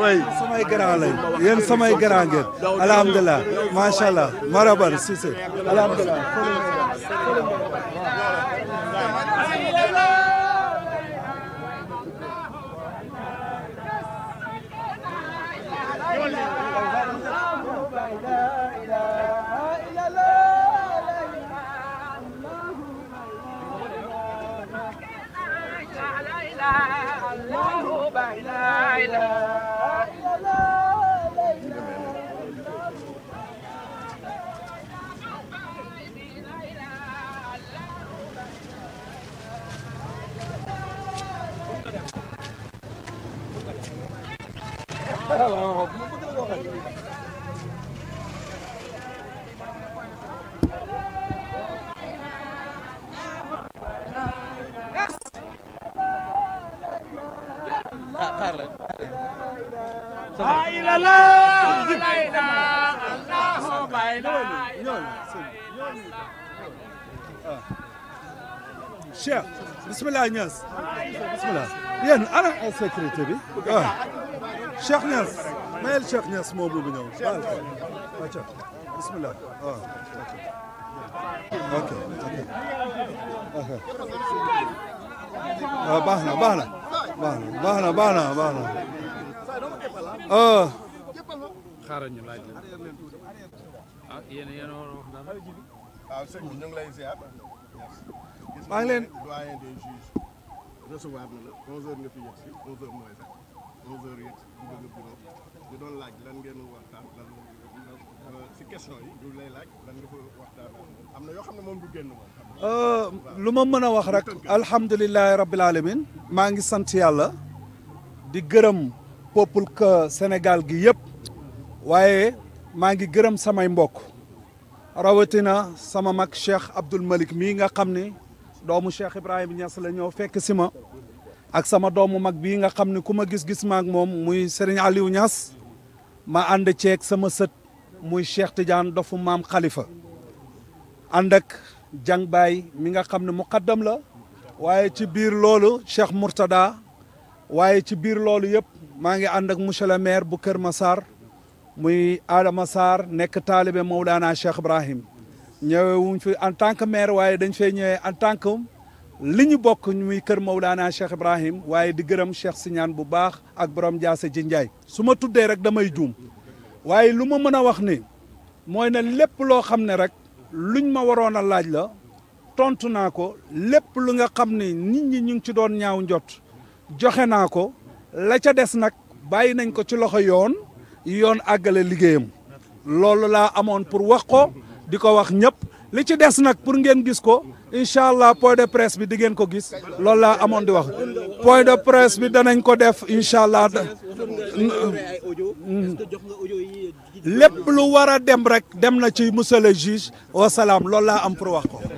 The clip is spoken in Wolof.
way samay grand lañ yéen samay grand ngeen alhamdulilah macha allah maraban Cissé alhamdulilah Hello. قارن شيخ بسم الله ناس بسم الله يا انا سكرتيري اه شيخ ناس ما الشيخ ناس مو ابو بنو بسم الله آه. اوكي اوكي اوكي اوكي آه، باهنا baax na baax na baax na ah. xaaral ñu laaj la ah yéen yéen a war a wax la si 11h mooy sax 11h laaj lan ngeen waxtaan ci mana yi du euh, wax rek rabbil alamin maa ngi sant yàlla di gërëm peuple que Sénégal gi yëpp waaye maa ngi gërëm rawatina sama mak Cheikh Abdul Malik mii nga xam ne doomu Cheikh Ibrahima Niass la ñëw fekk si ma ak sama doomu nga ma gis-gis maak moom muy Serigne Aliou Niass ma ànd sama sët. muy Cheikh Tidiane dofu maam xalifa ànd ak jàng baay mi nga xam ne muqaddam la waaye ci biir loolu Cheikh Mourtada waaye ci biir loolu yëpp maa ngi ànd ak monsieur le maire bu Kër Massar muy Adama saar nekk taalibe Mawlana Cheikh Ibrahim ñëwee fi en tant que maire waaye dañ fee ñëwee en tant que li ñu bokk ñu muy kër Mawlana Cheikh Ibrahim waaye di gërëm Cheikh Siñaan bu baax ak borom Jaase ji Njaay su ma tuddee rek damay juum waaye lu ma mën a wax ni mooy na lépp loo xam ne rek luñ ma waroon a laaj la tontu naa ko lépp lu nga xam ne nit ñi ñu ngi ci doon ñaaw njot joxe naa ko la ca des nag bàyyi nañ ko ci loxo yoon yoon àggale liggéeyam loolu laa amoon pour wax ko di ko wax ñëpp li ci des nag pour ngeen gis ko incha allah point de presse bi di ngeen ko gis loolu laa amoon di wax point de presse bi danañ ko def incha allah lépp lu war a dem rek dem na ci monsieur le juge wasalaam loolu laa am pour wax ko